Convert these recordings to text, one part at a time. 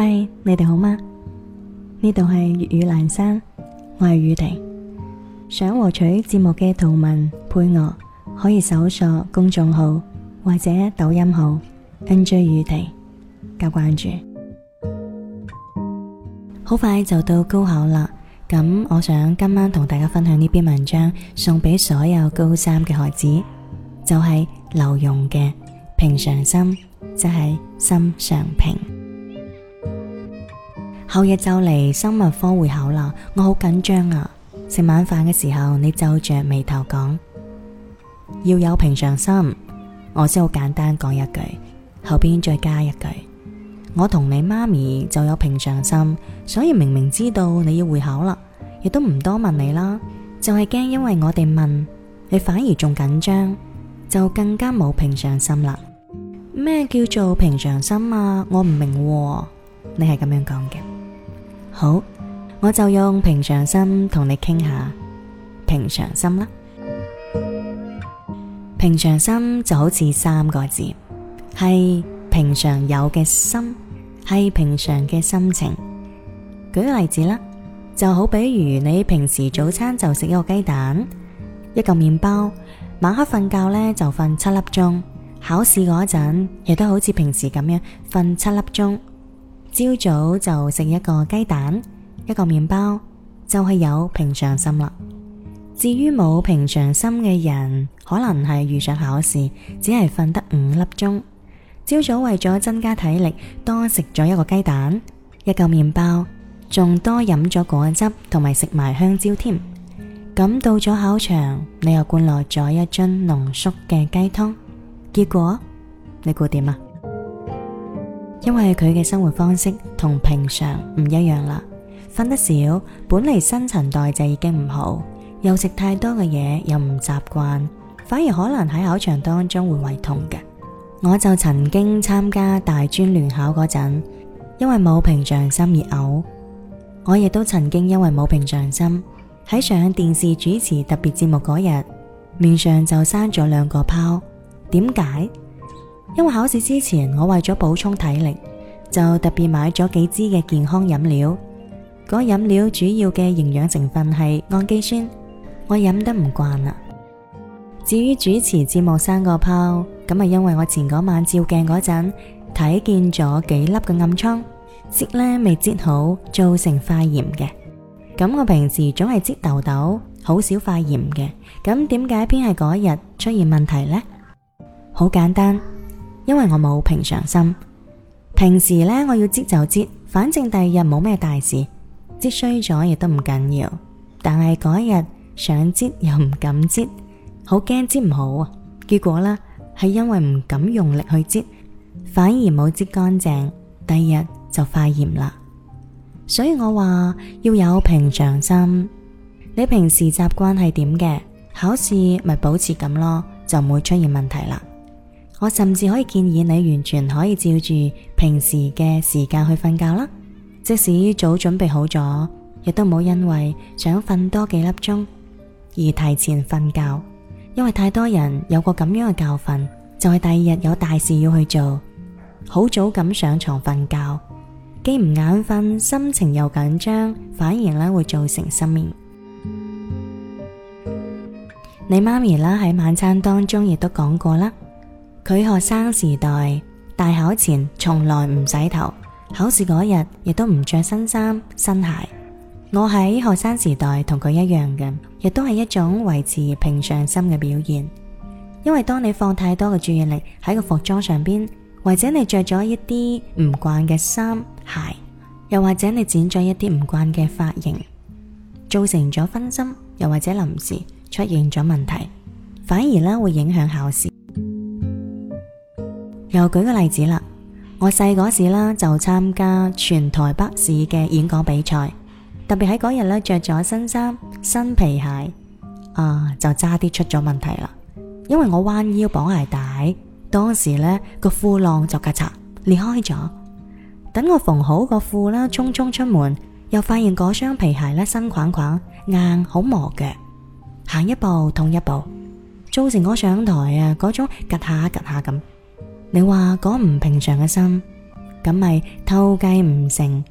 嗨，你哋好嗎？呢度係粵語闌珊，我係宇婷。想獲取節目嘅圖文配樂，可以搜索公眾號或者抖音號 NJ 宇婷加關注。好快就到高考啦，咁我想今晚同大家分享呢篇文章，送俾所有高三嘅孩子，就係劉墉嘅《平常心》，即係心常平。後日就嚟生物科會考啦，我好緊張啊！食晚飯嘅時候，你皺着眉頭講，要有平常心。我先好簡單講一句，後邊再加一句。我同你媽咪就有平常心，所以明明知道你要會考啦，亦都唔多問你啦。就係驚，因為我哋問你，反而仲緊張，就更加冇平常心啦。咩叫做平常心啊？我唔明啊。你係咁樣講嘅。好，我就用平常心同你傾下平常心啦。平常心就好似三個字，係平常有嘅心，係平常嘅心情。舉個例子啦，就好比如你平時早餐就食一個雞蛋，一個麵包，晚黑瞓覺呢就瞓七粒鐘。考試嗰陣亦都好似平時咁樣瞓七粒鐘。朝早就食一個雞蛋，一個麵包，就係有平常心啦。至於冇平常心嘅人，可能係遇上考試，只係瞓得五粒鐘。朝早為咗增加體力，多食咗一個雞蛋一個麵包，仲多飲咗果汁同埋食埋香蕉添。咁到咗考場，你又灌落咗一樽濃縮嘅雞湯，結果你估點啊？因為佢嘅生活方式同平常唔一樣啦，瞓得少，本嚟新陳代謝已經唔好，又食太多嘅嘢，又唔習慣，反而可能喺考場當中會胃痛嘅。我就曾經參加大專聯考嗰陣，因為冇平常心而嘔。我亦都曾經因為冇平常心喺上電視主持特別節目嗰日，面上就生咗兩個泡，點解？因為考試之前，我為咗補充體力，就特別買咗幾支嘅健康飲料。嗰飲料主要嘅營養成分係氨基酸，我飲得唔慣啊。至於主持節目生個泡咁啊，因為我前嗰晚照鏡嗰陣睇見咗幾粒嘅暗瘡，擠呢未擠好，造成發炎嘅。咁我平時總係擠痘痘，好少發炎嘅。咁點解偏偏係嗰一日出現問題呢？好簡單。因為我冇平常心，平時呢，我要擠就擠，反正第二日冇咩大事，擠衰咗亦都唔緊要。但係嗰一日想擠又唔敢擠，好驚擠唔好啊！結果呢，係因為唔敢用力去擠，反而冇擠乾淨，第二日就發炎啦。所以我話要有平常心，你平時習慣係點嘅，考試咪保持咁咯，就唔會出現問題啦。我甚至可以建議你，完全可以照住平時嘅時間去瞓覺啦。即使早準備好咗，亦都唔好因為想瞓多幾粒鐘而提前瞓覺，因為太多人有個咁樣嘅教訓，就係第二日有大事要去做，好早咁上床瞓覺，既唔眼瞓，心情又緊張，反而呢會造成失眠。你媽咪啦喺晚餐當中亦都講過啦。佢學生時代大考前從來唔洗頭，考試嗰日亦都唔着新衫新鞋。我喺學生時代同佢一樣嘅，亦都係一種維持平常心嘅表現。因為當你放太多嘅注意力喺個服裝上邊，或者你着咗一啲唔慣嘅衫鞋，又或者你剪咗一啲唔慣嘅髮型，造成咗分心，又或者臨時出現咗問題，反而呢會影響考試。又舉個例子啦，我細嗰時啦就參加全台北市嘅演講比賽，特別喺嗰日咧着咗新衫、新皮鞋，啊就差啲出咗問題啦，因為我彎腰綁鞋帶，當時咧個褲浪就咔嚓裂開咗，等我縫好個褲啦，匆匆出門又發現嗰雙皮鞋咧新框框硬，好磨腳，行一步痛一步，造成我上台啊嗰種夾下夾下咁。你話講唔平常嘅心，咁咪偷雞唔成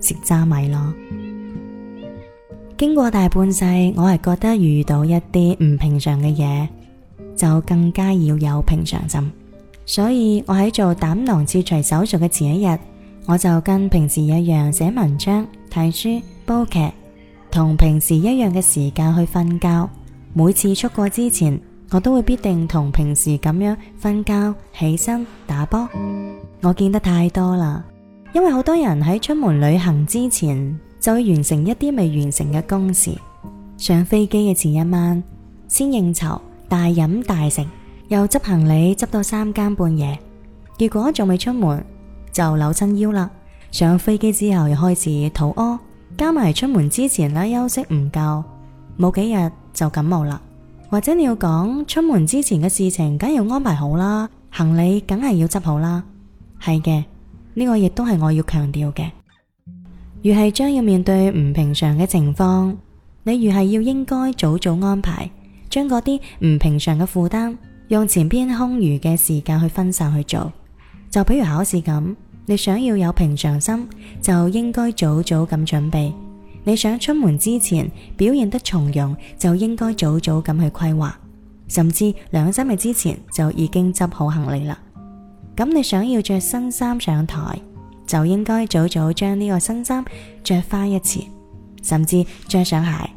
蝕渣米咯？經過大半世，我係覺得遇到一啲唔平常嘅嘢，就更加要有平常心。所以我喺做膽囊切除手術嘅前一日，我就跟平時一樣寫文章、睇書、煲劇，同平時一樣嘅時間去瞓覺。每次出國之前，我都會必定同平時咁樣瞓覺、起身打波。我見得太多啦，因為好多人喺出門旅行之前就會完成一啲未完成嘅公事。上飛機嘅前一晚先應酬大飲大食，又執行李執到三更半夜，結果仲未出門就扭親腰啦。上飛機之後又開始肚屙，加埋出門之前咧休息唔夠，冇幾日就感冒啦。或者你要講出門之前嘅事情，梗要安排好啦，行李梗係要執好啦。係嘅，呢個亦都係我要強調嘅。越係將要面對唔平常嘅情況，你越係要應該早早安排，將嗰啲唔平常嘅負擔，用前邊空餘嘅時間去分散去做。就比如考試咁，你想要有平常心，就應該早早咁準備。你想出門之前表現得從容，就應該早早咁去規劃，甚至兩三日之前就已經執好行李啦。咁你想要着新衫上台，就應該早早將呢個新衫着返一次，甚至着上鞋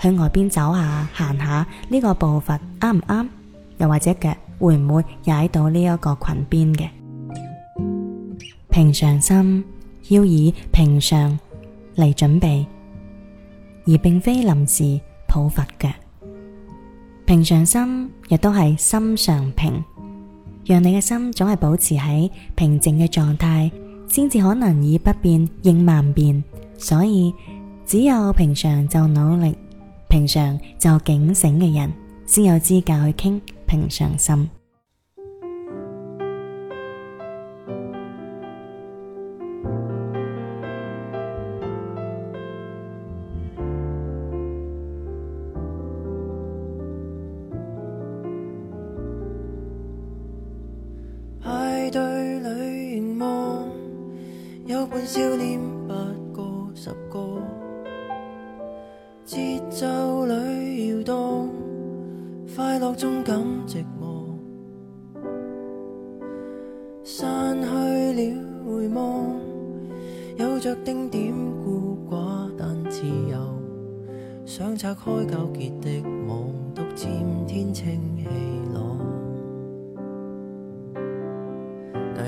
向外邊走下、行下，呢個步伐啱唔啱？又或者腳會唔會踩到呢一個裙邊嘅？平常心要以平常嚟準備。而並非臨時抱佛腳，平常心亦都係心常平，讓你嘅心總係保持喺平靜嘅狀態，先至可能以不變應萬變。所以只有平常就努力，平常就警醒嘅人，先有資格去傾平常心。隊裏凝望，有半少年八個十個。節奏裏搖動，快樂中感寂寞。散去了回望，有着丁點孤寡，但自由。想拆開糾結的網，獨占天清氣朗。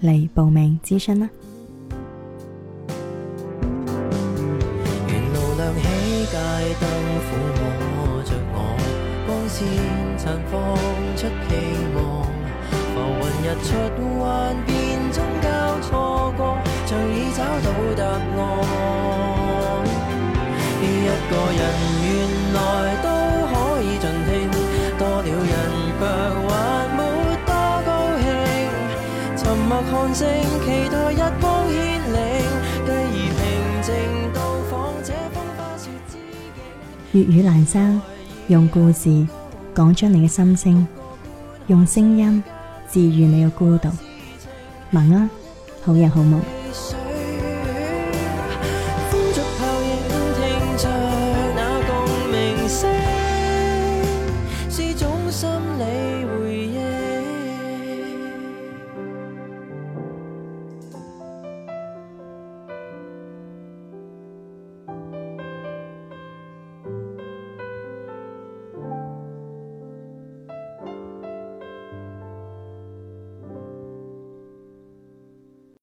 嚟報名諮詢啦！沿路亮起街燈，撫摸著我，光線綻放出希望，浮雲日出幻變中交錯過，像已找到答案。粵語藍山，用故事講出你嘅心聲，用聲音治愈你嘅孤獨。晚安、啊，好人好夢。